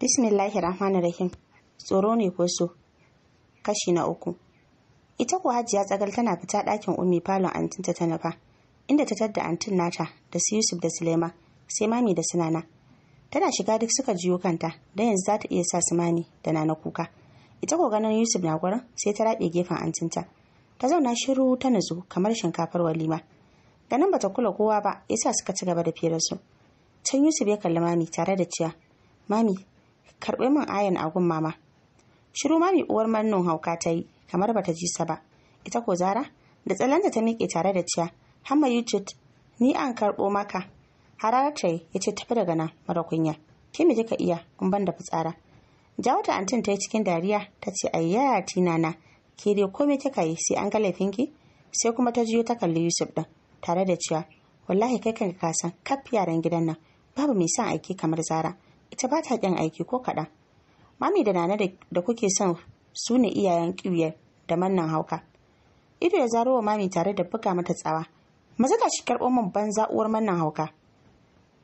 bismillahir rahmanir rahim tsoro ne ko so kashi na uku ita ko hajiya tsagal tana fita ɗakin ummi falon antinta ta nufa inda ta tadda antin nata da su yusuf da sulema sai mami da sunana tana shiga duk suka jiyo kanta da yanzu za ta iya sa su mami da nana kuka ita ko ganin yusuf na gwaran sai ta raɗe gefen antinta ta zauna shiru ta nazo, kamar shinkafar walima ganin bata kula kowa ba yasa suka ci gaba da firarsu can yusuf ya kalli mami tare da ciya mami karɓi min ayan agun mama shiru ma mai uwar mannun hauka ta yi kamar bata ji sa ba ita ko zara da tsalanta ta miƙe tare da ciya hamma yucit ni an karɓo maka harara ta yi ya ce tafi daga nan mara kunya ki mi kika iya in ban da fitsara jawo ta antin ta yi cikin dariya ta ce ayya tina na ke dai komai kika yi sai an ga laifin ki? sai kuma ta jiyo ta kalli yusuf din tare da ciya wallahi kai kanka kasan san kaf yaran gidan nan babu mai son aiki kamar zara ita ba ta ƙin aiki ko kaɗan mami da nana da kuke son su ne iyayen ƙiwiyar da mannan hauka ido ya zaro wa mami tare da buga mata tsawa maza ta shi karɓo min ban uwar mannan hauka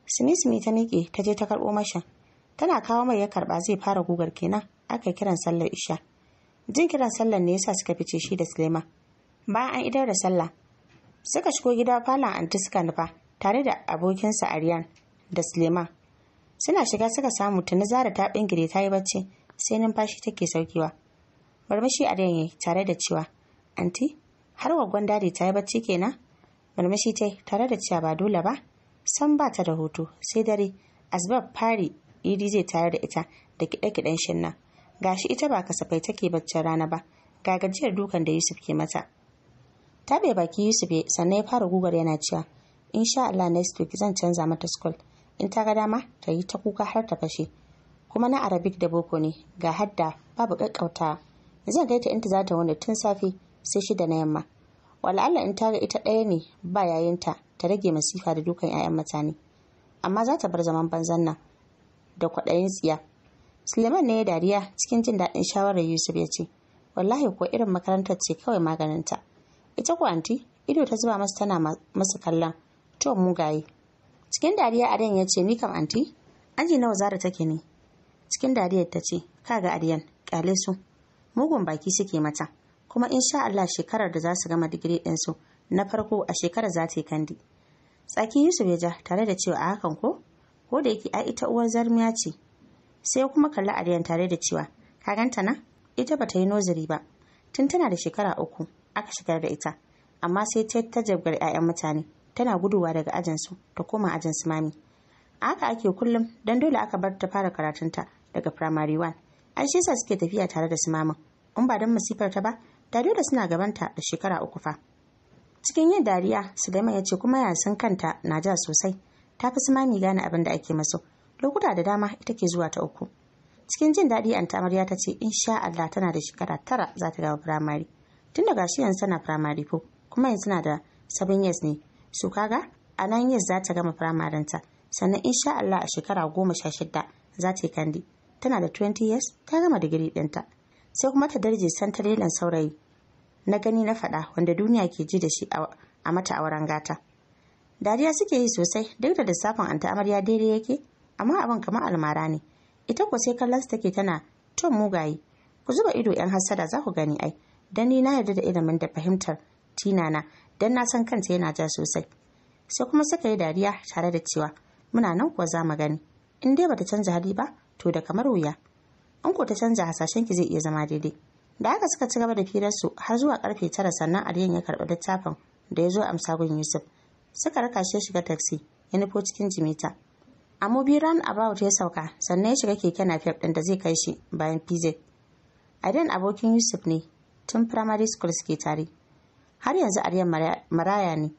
sinisimi ta miƙe ta je ta karɓo mashin tana kawo mai ya karɓa zai fara gugar kenan aka kiran sallar isha jin kiran sallar ne yasa suka fice shi da suleiman bayan an idar da sallah suka shigo gida falon anti suka nufa tare da abokinsa aryan da suleiman suna shiga suka samu tuni zara ta bingire ta yi bacci sai numfashi take saukewa murmushi a danye tare da cewa anti har waggon dadi ta yi bacci kenan murmushi ta tare da cewa ba dole ba san ba ta da hutu sai dare asbab fari idi zai tare da ita da kiɗe-kiɗen shinna gashi ita ba kasafai take baccin rana ba ga gajiyar dukan da yusuf ke mata Ta bai baki yusuf sannan ya fara gugar yana cewa insha Allah next week zan canza mata school in ta ga dama ta yi ta kuka har ta fashe kuma na arabic da boko ne ga hadda babu kakkauta zan kai ta inta za ta wani tun safe sai shida na yamma wala'alla in ta ga ita ɗaya ne ba yayinta ta rage masifa da dukan 'ya'yan mutane amma za ta bar zaman banzan nan da kwaɗayin tsiya suleiman ne ya dariya cikin jin daɗin shawarar yusuf ya ce wallahi ko irin makarantar ce kawai maganinta ita ko anti ido ta zuba masa tana masu kallon to mugaye cikin dariya aryan ya ce ni kam anti aji nawa zara take ne cikin dariya ta ce kaga aryan kyale su mugun baki suke mata kuma in sha Allah shekarar da za su gama digiri ɗin su na farko a shekarar za ta yi kandi tsaki yusuf ya ja tare da cewa a hakan ko ko da yake a ita uwar zarmiya ce sai kuma kalli aryan tare da cewa ka ganta na ita bata yi noziri ba tun tana da shekara uku aka shigar da ita amma sai ta ta jabgar 'ya'yan mutane tana guduwa daga ajin su ta koma ajin su mami a haka ake kullum don dole aka bar ta fara karatunta daga firamare. one an shi suke tafiya tare da su mamin in ba don masifar ta ba ta dole suna gabanta da shekara uku fa cikin yin dariya suleiman ya ce kuma yasin kanta na ja sosai ta fi su mami gane abin da ake masu lokuta da dama ita ke zuwa ta uku cikin jin daɗi anta amarya ta ce sha Allah tana da shekara tara za ta dawo firamare tun daga shi yanzu tana firamare ko kuma yanzu tana da sabon years ne so kaga a nan yes za ta gama firamarinta sannan insha Allah a shekara goma sha shida za ta yi kandi tana da 20 years ta gama digiri ɗinta sai kuma ta darje santarelen saurayi na gani na faɗa wanda duniya ke ji da shi a mata auren gata dariya suke yi sosai duk da lissafin anta amarya daidai yake amma abin kamar almara ne ita ko sai kallon su take tana ton mugaye ku zuba ido yan hassada za ku gani ai dan ni na yarda da ilimin da fahimtar tina na don na san kanta yana ja sosai sai kuma suka yi dariya tare da cewa muna nan kuwa za mu gani in dai bata canza hali ba to da kamar wuya in ko ta canza hasashen ki zai iya zama daidai da haka suka ci gaba da firarsu har zuwa karfe tara sannan aliyan ya karɓi littafin da ya zo amsa gun yusuf suka raka shi shiga taxi ya nufo cikin jimita a mobiran about ya sauka sannan ya shiga keke fef ɗin da zai kai shi bayan pz adan abokin yusuf ne tun primary school suke tare har yanzu aryan maraya ne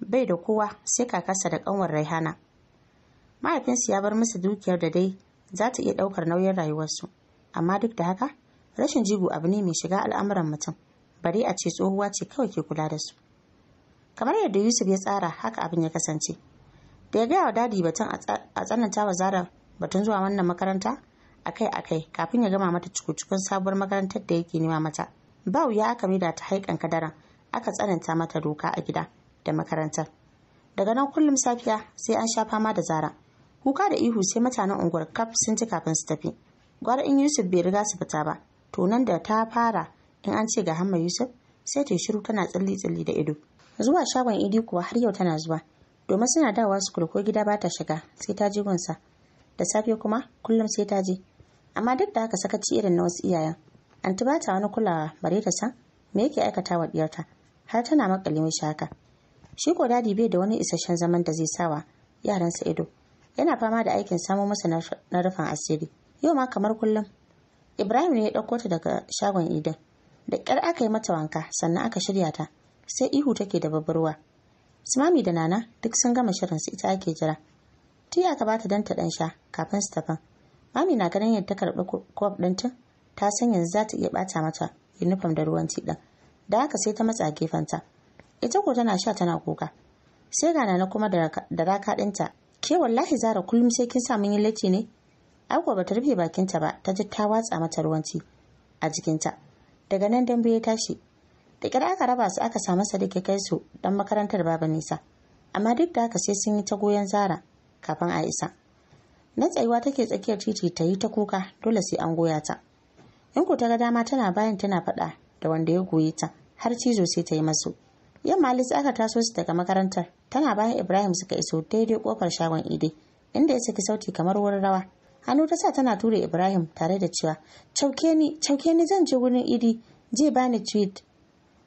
bai da kowa sai kakarsa da kanwar raihana mahaifinsu ya bar musu dukiyar da dai za ta iya ɗaukar nauyin rayuwarsu amma duk da haka rashin jigo abu ne mai shiga al'amuran mutum bari a ce tsohuwa ce kawai ke kula da su kamar yadda yusuf ya tsara haka abin ya kasance da ya gaya wa dadi batun a tsananta wa zarar batun zuwa wannan makaranta akai akai kafin ya gama mata cukucukun sabuwar makarantar da yake nema mata ba wuya aka da ta haikan kadaran aka tsananta mata doka a gida da makarantar daga nan kullum safiya sai an sha fama da zara kuka da ihu sai mutanen unguwar kaf sun ci kafin su tafi gwar in yusuf bai riga su fita ba to nan da ta fara in an ce ga hamma yusuf sai ta shiru tana tsilli tsilli da ido zuwa shagon idi kuwa har yau tana zuwa domin suna dawowa su ko gida ba ta shiga sai ta ji gunsa da safe kuma kullum sai ta je amma duk da haka sakaci irin na wasu iyayen anti ba ta wani kulawa bare ta san me yake aikata wa diyarta har tana makali mishi haka shi ko dadi bai da wani isasshen zaman da zai sawa yaransa ido yana fama da aikin samo masa na rufin asiri yau ma kamar kullum ibrahim ne ya ɗauko ta daga shagon idan da ƙyar aka yi mata wanka sannan aka shirya ta sai ihu take da babarwa simami da nana duk sun gama shirin su ita ake jira tiya ka bata dan ta dan sha kafin su tafan mami na ganin yadda ta karɓi kwaf ɗin ta san yanzu za ta iya ɓata mata yunifom da ruwan ci ɗin da haka sai ta matsa gefenta ita ko tana sha tana kuka sai ga na kuma da raka ɗinta ke wallahi zara kullum sai kin sa mun yi latti ne ko bata rufe bakinta ba ta ji ta watsa mata ruwanci a jikinta daga nan dambe ya tashi da kira aka raba su aka samu sadiq ya kai su dan makarantar baba nisa amma duk da haka sai sun yi ta goyon zara kafin a isa na tsayuwa take tsakiyar titi ta yi ta kuka dole sai an goya ta in ko ta ga dama tana bayan tana faɗa da wanda ya goye ta har cizo sai ta yi masu yamma Alice aka taso su daga makarantar tana bayan Ibrahim suka iso daidai kofar shagon Ide inda ya saki sauti kamar wurin rawa hannu ta sa tana tura Ibrahim tare da cewa cauke ni cauke ni zan je wurin Idi je bani tweet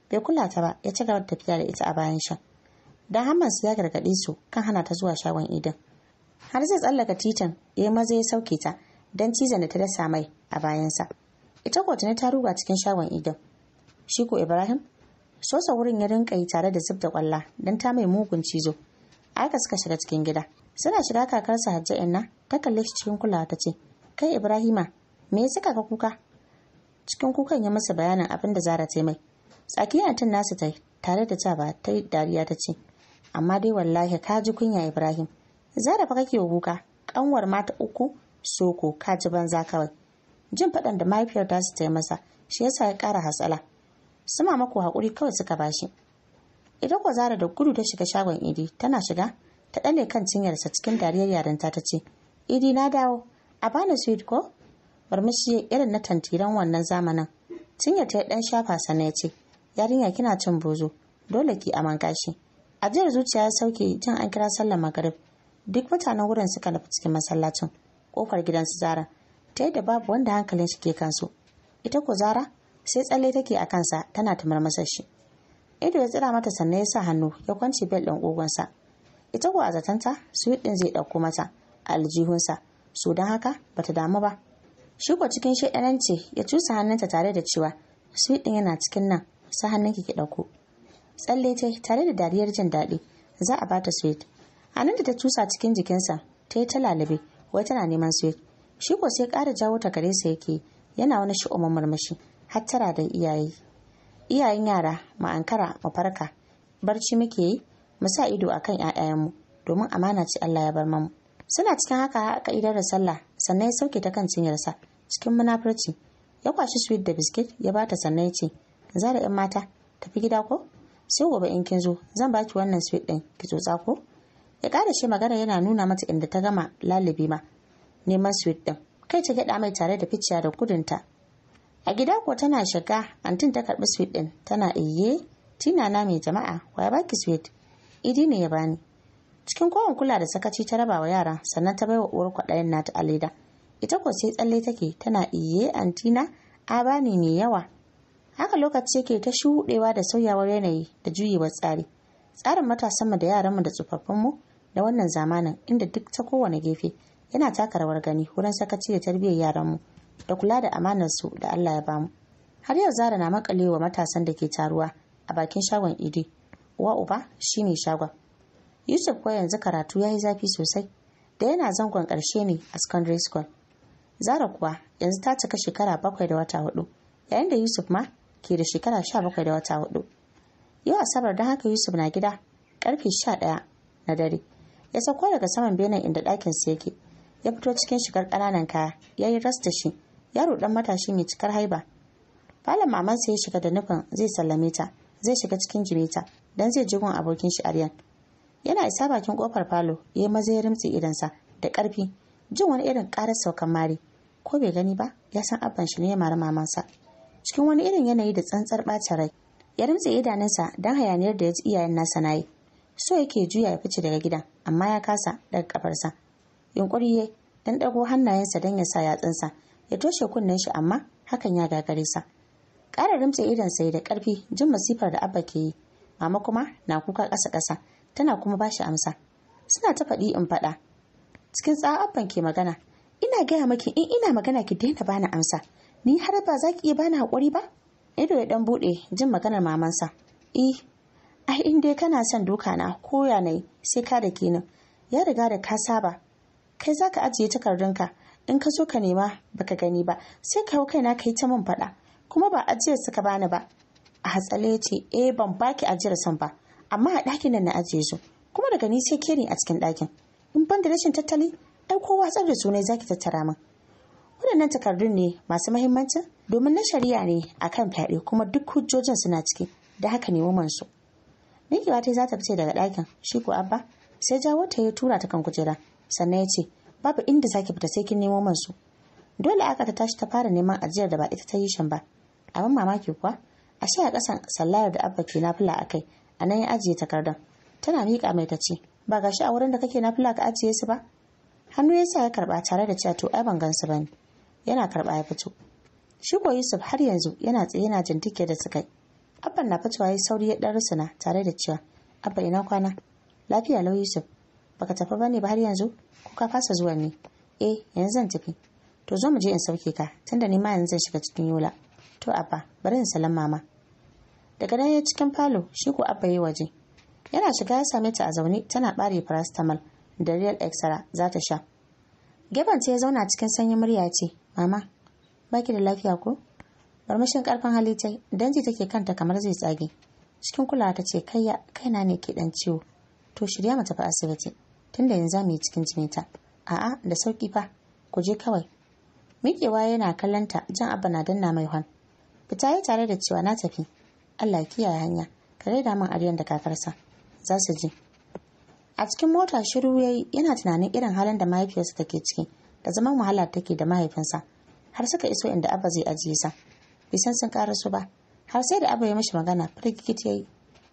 bai kula ta ba ya ci gaba da tafiya da ita a bayan shan dan da su ya gargaɗe su kan hana ta zuwa shagon Idin har zai tsallaka titan ya maza ya sauke ta don cizon da ta dasa mai a bayansa ita kotuna ta ruga cikin shagon Idin shi ko ibrahim sosa wurin ya rinka yi tare da zub da kwalla don ta mai mugun cizo aka suka shiga cikin gida suna shiga kakarsa hajja inna ta kalle shi cikin kulawa ta ce kai ibrahima me ya saka ka kuka cikin kukan ya masa bayanin abin da zara ta mai tsakiyar tun nasu ta tare da ta ba ta dariya ta ce amma dai wallahi ka ji kunya ibrahim zara fa kake kuka kanwar mata uku soko ka ji banza kawai jin faɗan da mahaifiyar ta su ta yi masa shi yasa ya ƙara hatsala suma mako haƙuri kawai suka bashi ita ko zara da gudu ta shiga shagon idi tana shiga ta ɗane kan cinyarsa cikin dariyar yarinta ta ce idi na dawo a bani sweet ko barmishi irin na tantiran wannan zamanin cinyar ta ɗan shafa sana ya ce yarinya kina cin bozo dole ki aman shi. ajiyar zuciya ya sauke jin an kira sallar magarib duk mutanen wurin suka nufi cikin masallacin kofar gidan su zara ta yadda babu wanda hankalin shi ke kansu ita ko zara sai tsalle take a kansa tana ta marmasar shi ido ya tsira mata sannan ya sa hannu ya kwance bel ɗin ogonsa ita kuwa a zatanta sweet ɗin zai ɗauko mata a aljihunsa So don haka bata damu ba shi ko cikin shaidananci ya cusa hannunta tare da cewa suwit ɗin yana cikin nan sa hannun ki ɗauko tsalle ta tare da dariyar jin daɗi za a bata suwit hannunta ta cusa cikin jikinsa ta yi ta lalabe wai tana neman suwit shi ko sai ƙara jawo ta gare sa yake yana wani shi'umar murmushi hattara da iyaye iyayen yara mu ankara mu farka barci muke yi mu sa ido akan ƴaƴayenmu domin amana ce Allah ya bar mamu suna cikin haka aka idan da sallah sannan ya sauke ta kan cinyarsa cikin munafurci ya kwashi sweet da biskit ya bata sannan ya ce zara yan mata tafi gida ko sai gobe in kin zo zan baki wannan sweet din ki tsotsa ko ya ƙara shi magana yana nuna mata inda ta gama lalibi ma neman sweet din kai ta gyaɗa mai tare da ficiya da gudunta a gida ko tana shiga antin ta karbi sweet din tana iye tina na mai jama'a waya baki sweet idi ne ya bani cikin kowan kula da sakaci ta raba wa yara sannan ta baiwa uwar kwaɗayin nata a leda ita ko sai tsalle take tana iye antina a bani mai yawa haka lokaci yake ta shuɗewa da sauyawar yanayi da juyewar tsari tsarin mu da yaranmu da tsofaffinmu da wannan zamanin inda duk ta kowane gefe yana taka rawar gani wurin sakaci da tarbiyyar yaranmu da kula da amanarsu da Allah ya bamu. Har yau Zara na makale wa matasan da ke taruwa a bakin shagon Idi. Uwa uba shi ne shagon. Yusuf ko yanzu karatu ya yi zafi sosai da yana zangon ƙarshe ne a secondary school. Zara kuwa yanzu ta cika shekara bakwai da wata hudu yayin da Yusuf ma ke da shekara sha bakwai da wata hudu. Yau Asabar don haka Yusuf na gida karfe sha ɗaya na dare. Ya sauko daga saman benin inda ɗakinsa yake ya fito cikin shigar ƙananan kaya ya yi ras shi yaro dan matashi mai cikar haiba falon mamansa ya shiga da nufin zai sallame ta zai shiga cikin jimita dan zai jigon abokin shi aryan yana isa bakin kofar falo ya maza ya rimtsi idansa da karfi jin wani irin karar saukan mari ko bai gani ba ya san abban shi ne ya mara mamansa cikin wani irin yanayi da tsantsar bacin rai ya rimtse idanunsa dan hayaniyar da ya ji iyayen nasa nayi yi so yake juya ya fice daga gidan amma ya kasa daga kafarsa yunkuri ya dan dago hannayensa dan ya sa yatsunsa ya toshe kunnen shi amma hakan ya gagare sa ƙara rimtse idon sai da ƙarfi jin masifar da abba ke yi mama kuma na kuka ƙasa ƙasa tana kuma ba shi amsa suna ta faɗi in faɗa cikin tsawa abban ke magana ina gaya maki in ina magana ki daina bani amsa ni har ba za ki iya bani haƙuri ba ido ya ɗan buɗe jin maganar mamansa eh ai in dai kana son duka na ko yanayi, nayi sai ka da kenan ya riga da ka saba kai za ka ajiye takardunka in ka zo ka nema baka gani ba sai ka hau kaina ka yi ta min faɗa kuma ba ajiyar suka bani ba a hatsale ya ce eh ban baki ajiyar san ba amma a ɗakin nan na ajiye su kuma daga ni sai keri a cikin ɗakin in ban da rashin tattali ai ko watsar da sunai zaki tattara min waɗannan takardun ne masu mahimmancin domin na shari'a ne a kan fyaɗe kuma duk hujjojin suna ciki da haka ne woman su Mikiwa ta za ta fice daga ɗakin shi ko abba sai jawo ta ya tura ta kan kujera sannan ya ce babu inda zaki fita sai kin nemo man su dole aka ta tashi ta fara neman ajiyar da ba ita ta yi shan ba abin mamaki kuwa a shi a kasan sallayar da abba ke nafila a kai a nan ya ajiye takardar tana miƙa mai ta ce ba gashi a wurin da kake nafila ka ajiye su ba hannu ya sa ya karɓa tare da cewa to ai ban gansu ba ne yana karɓa ya fito shi ko yusuf har yanzu yana tsaye yana jintike da su kai abban na fitowa ya sauri ya ɗan rusuna tare da cewa abba ina kwana lafiya lau yusuf baka tafi bane ba har yanzu ko ka fasa zuwa ne eh yanzu zan tafi to zo mu je in sauke ka tunda ni ma yanzu zan shiga cikin yola to abba bari in salama ma. daga nan ya cikin falo shi ko abba ya waje yana shiga ya same ta a zaune tana bare paracetamol da real extra za ta sha ta ya zauna cikin sanyin murya ce mama baki da lafiya ko barmashin karfin hali ta danji take kanta kamar zai tsage cikin kulawa ta ce kai na ne ke dan ciwo to shirya mu tafi asibiti tunda yanzu mu yi cikin ta. a'a da sauki fa ku je kawai miƙewa yana kallanta jan abba na danna mai hon fita yi tare da cewa na tafi allah kiyaye hanya ka rai min aryan da kakarsa za su je a cikin mota shiru ya yi yana tunanin irin halin da mahaifiyarsa take ciki da zaman wahala take da mahaifinsa har suka iso inda abba zai ajiye sa san sun su ba har sai da abba ya mishi magana firgikit ya yi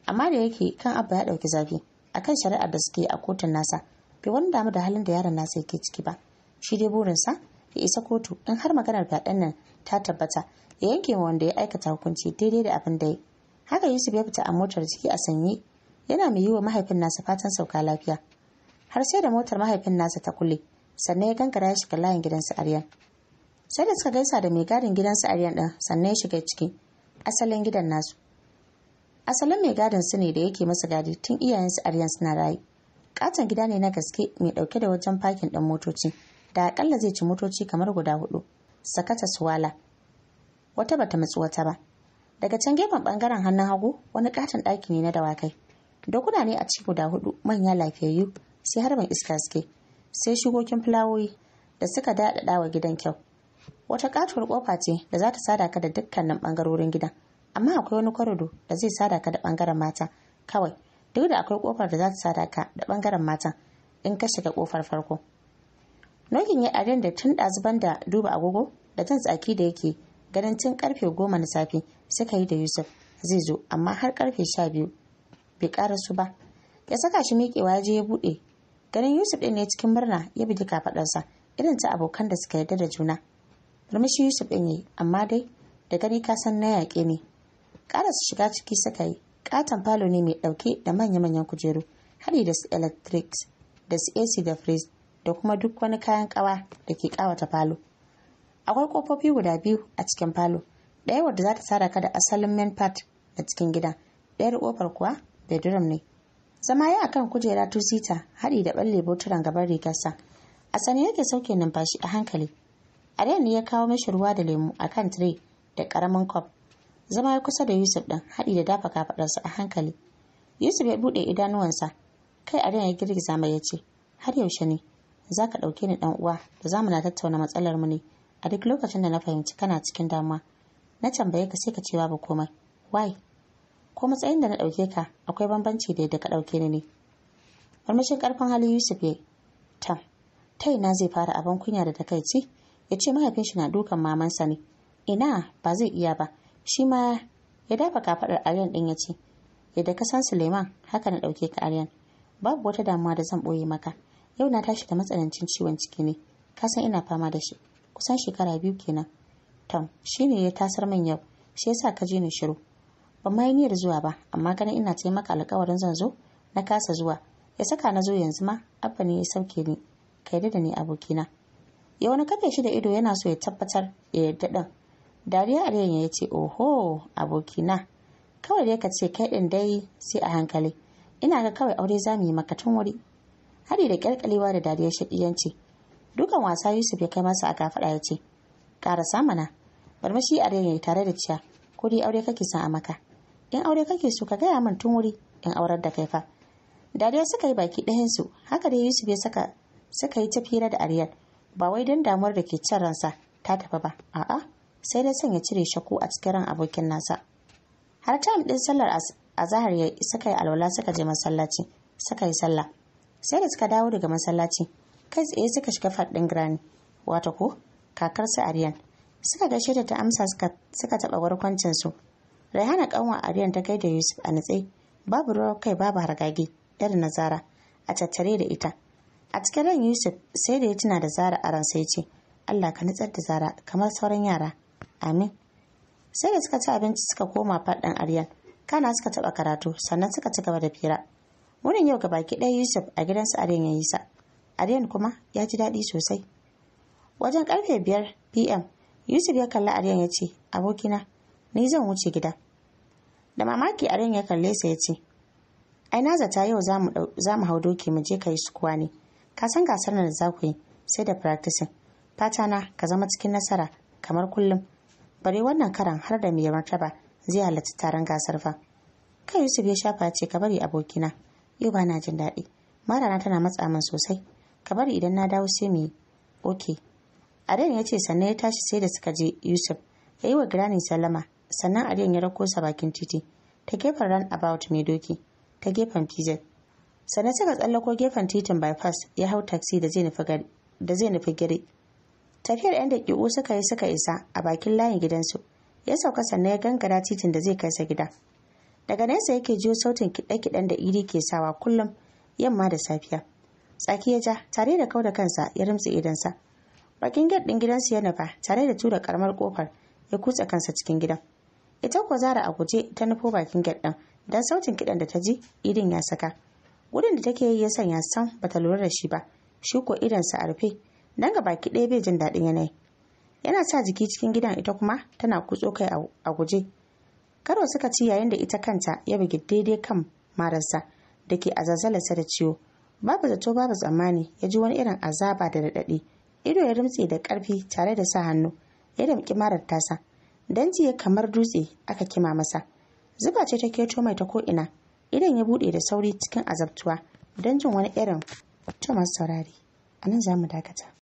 amma da yake kan abba ya ɗauki zafi akan shari'ar da suke a kotun nasa bai wani damu da halin da yaron nasa yake ciki ba shi dai burinsa ya isa kotu in har maganar fyaɗen nan ta tabbata ya yanke ma wanda ya aikata hukunci daidai da abin da ya haka yusuf ya fita a motar ciki a sanyi. yana mai yi wa mahaifin nasa fatan sauka lafiya har sai da motar mahaifin nasa ta kulle sannan ya gangara ya shiga layin su aryan sai da suka gaisa da mai gadin su aryan ɗin sannan ya shiga ciki asalin gidan nasu asalin mai gadin su ne da yake masa gadi tun iyayensu aryan suna rayu katon gida ne na gaske mai dauke da wajen fakin ɗin motoci da akalla zai ci motoci kamar guda hudu sakata suwala wata bata matsu wata ba daga can gefen bangaren hannun hagu wani katon ɗaki ne na dawakai dokuna ne a ci guda hudu manya lafiyayyu sai harbin iska suke sai shugokin fulawoyi da suka daɗaɗa wa gidan kyau wata katuwar kofa ce da za ta sada ka da dukkanin bangarorin gidan amma akwai wani kwarado da zai sada ka da bangaren mata kawai duk da akwai kofar da za ta sada ka da bangaren matan in ka shiga kofar farko nokin ya adin da tun ɗazuban da duba agogo da zan tsaki da yake ganin tun karfe goma na safe suka yi da yusuf zai zo amma har karfe sha biyu bai ƙara su ba ya saka shi miƙewa ya je ya buɗe ganin yusuf ɗin ne cikin murna ya bugi kafaɗarsa irin ta abokan da suka yarda da juna murmushi yusuf ɗin yi amma dai da gani ka san na yaƙe ne ƙara su shiga ciki suka yi katon falo ne mai ɗauke da manya-manyan kujeru hari da su electrics da su ac da freeze da kuma duk wani kayan kawa da ke kawata falo akwai kofofi guda biyu a cikin falo ɗaya wadda za ta sada ka da asalin main part a cikin gida ɗayar kofar kuwa bedroom ne zama ya akan kujera tusita haɗi da balle boturan gaban rigarsa a sani yake sauke numfashi a hankali a ne ya kawo mashi ruwa da lemu akan tire da karamin kwaf zama ya kusa da Yusuf ɗin haɗi da dafa kafaɗarsa a hankali. Yusuf ya buɗe idanuwansa kai a ya girgiza mai ya ce har yaushe ne za ka ɗauke ni ɗan uwa da za mu na tattauna matsalar mu ne a duk lokacin da na fahimci kana cikin damuwa na tambaye ka sai ka ce babu komai wai ko matsayin da na ɗauke ka akwai bambanci da yadda ka ɗauke ni ne farmashin ƙarfin hali Yusuf ya Ta ta ina zai fara abin kunya da takaici ya ce mahaifin shi na dukan mamansa ne ina ba zai iya ba shi ma ya dafa kafaɗar aryan ɗin ya ce da ka san suleiman haka na ɗauke ka aryan babu wata damuwa da zan ɓoye maka yau na tashi da matsanancin ciwon ciki ne ka san ina fama da shi kusan shekara biyu kenan tom shi ne ya tasar min yau shi yasa ka je ni shiru ban ma yi niyyar zuwa ba amma ganin ina ce maka alkawarin zan zo na kasa zuwa ya saka na zo yanzu ma abba ne ya sauke ni ka yarda da ni abokina ya wani kafe shi da ido yana so ya tabbatar ya yarda ɗin dariya aryan ya ce oho abokina kawai dai ka ce kai ɗin dai sai a hankali ina ga kawai aure za mu yi maka tun wuri haɗi da kyalkalewa da dariya shaɗiyanci dukan wasa yusuf ya kai masa a kafaɗa ya ce ƙara samana barmashi aryan ya yi tare da ciya ko dai aure kake son a maka in aure kake so ka gaya min tun wuri in aurar da kai fa dariya suka yi baki ɗayansu haka dai yusuf ya saka suka yi ta fira da aryan ba wai don damuwar da ke can ransa ta tafi ba a'a sai dai sanya cire shaku a cikin ran abokin nasa har ta din sallar azahar ya suka yi alwala suka je masallaci suka yi sallah sai da suka dawo daga masallaci kai tsaye suka shiga faɗin grani wato ko kakar su aryan suka gaishe da ta amsa suka taɓa warkwancin su raihana kanwa aryan ta kai da yusuf a natse babu ruwa kai babu hargage irin na zara a tattare da ita a cikin ran yusuf sai da ya tuna da zara a ransa ya ce allah ka nutsar da zara kamar sauran yara amin sai da suka ci abinci suka koma faɗin aryan kana suka taɓa karatu sannan suka ci gaba da fira wurin yau gabaki ɗaya yusuf a gidansu aryan ya yi sa aryan kuma ya ji daɗi sosai wajen karfe biyar pm yusuf ya kalli aryan ya ce abokina ni zan wuce gida da mamaki aryan ya kalle sa ya ce ai na zata yau za mu hau doki mu je ka yi sukuwa ne ka san gasar nan da za ku yi sai da practicing fata na ka zama cikin nasara kamar kullum bare wannan karan har da mai martaba zai halarci taron gasar fa kai yusuf ya shafa ce ka bari abokina yau ba na jin daɗi marana tana matsa min sosai ka bari idan na dawo sai mu yi Okay. Aryan ya ce sannan ya tashi sai da suka je Yusuf ya yi wa Granny sallama sannan Aryan ya rako sa bakin titi ta gefen ran about mai doki ta gefen PZ sannan suka tsallako gefen titin bypass ya hau taxi da zai nufi gari tafiyar yan daƙiƙu suka yi suka isa a bakin layin gidansu ya sauka sannan ya gangara titin da zai kai sa gida daga nesa yake jiyo sautin kiɗe-kiɗen da iri ke sawa kullum yamma da safiya tsaki ya ja tare da kau da kansa ya rimtsi idansa bakin gate ɗin gidansu ya nufa tare da tura karamar kofar ya kutsa kansa cikin gidan ita ko zara a guje ta nufo bakin gate ɗin don sautin kiɗan da ta ji irin ya saka gudun da take yi ya sanya san bata lura da shi ba shi ko idansa a rufe don gaba ki ɗaya bai jin daɗin yanayi yana sa jiki cikin gidan ita kuma tana kutso kai a guje karo suka ci yayin da ita kanta ya bugi daidai kan marasa da ke azazzalarsa da ciwo babu zato babu tsammani ya ji wani irin azaba da daɗaɗi ido ya rimtse da ƙarfi tare da sa hannu ya damƙi marar tasa danji ya kamar dutse aka kima masa zuba ce ta keto mai ta ko'ina idan ya buɗe da sauri cikin azabtuwa don jin wani irin to saurari Anan nan za mu dakata